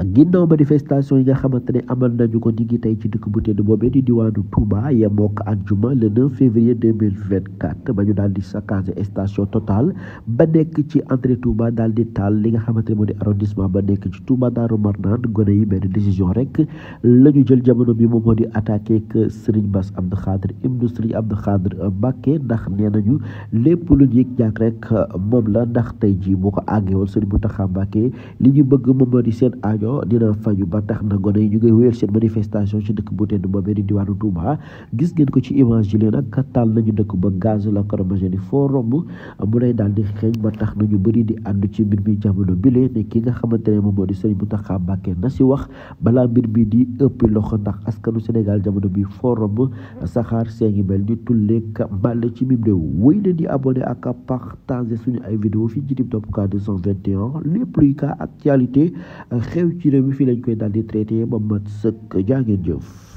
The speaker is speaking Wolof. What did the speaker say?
ak ginnaaw yi nga xamante ne amal nañu ko ni ngi tey ci dëkk bu tedd boobee di diwaanu Touba yemook àjjuma le 9 février ba ñu daal di saccagé station Total ba nekk ci entrée Touba daal di taal li nga xamante ne moo di arrondissement ba nekk ci Touba Daaru Marnaan gone yi benn décision rek la ñu jël jamono bi moom di attaqué que Serigne Bass Abdou Khadre ibnu Serigne Abdou Khadre Mbacké ndax nee nañu lépp lu ñu ñàkk rek moom la ndax tey ji bu ko àggee woon Serigne Mountakha fajoo dina faju ba tax na gone yi ñu ngay seen manifestation ci dëkk bu tedd boobee di diwaanu Touba gis ngeen ko ci image yi leen ak taal nañu dëkk ba gaz lacrymogène yi foo romb mu lay daal di xeeñ ba tax na ñu bëri di àddu ci mbir mi jamono bile ne ki nga xamante ne moom moo di Serigne Mountakha Mbacké na si wax balaa mbir mi di ëpp loxo ndax askanu Sénégal jamono bi foo romb saxaar see ngi mel ni tulleek mbàll ci mim réew wéy na di abonné ak partager suñu ay vidéo fii ci Tip Top ci réew mi fii lañ koy daal di traité ba mat sëkk jaa ngeen jëf.